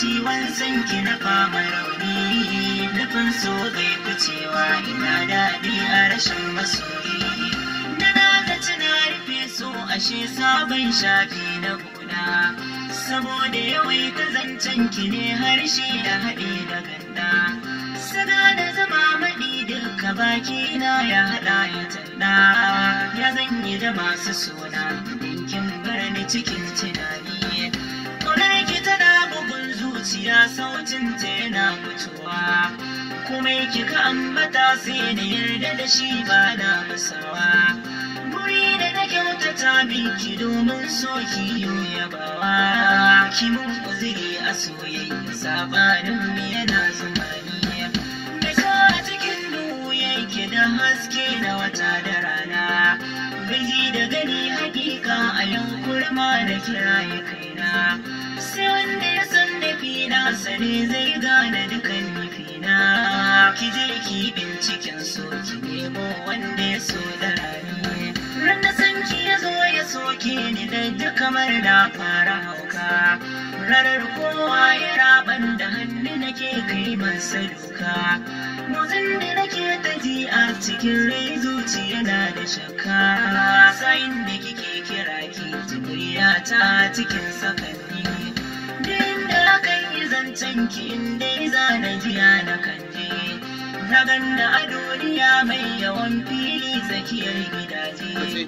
ciwon sanki na fama rauni nufin so bai kucewa ina daɗi a rashin masoyi na na tuna rufe so ashe sabon shafi na gona saboda yawai ta zancen ki ne harshe da haɗe da ganda sana da zama maɗi duka baki na ya haɗa ya tanda ya zanyi da masu suna kin birni cikin ce lokacin ta yana fitowa komai kika ambata sai da yarda da shi ba na masawa guri da na kyautata ki domin so ki yabawa ki mun kuzuri a soyayya sabanin yana zama ni da cikin duhu yake da haske na wata da rana gaji da gani hakika a yau kurma da kira ya kaina sai wanda na sane zai gane dukan nufina ki je ki binciken so ki nemo wanda ya so da rani ran Sanki ya zo ya soke ni da duk kamar na fara hauka ranar kowa ya raban da hannu nake kai masa duka motsin da nake ta ji a cikin rai zuciya na da shakka Sa'in da kike kira ki ta cikin sakanni zancen inda za na jiya na kanje na ganna a duniya mai yawan fili tsakiyar gidaje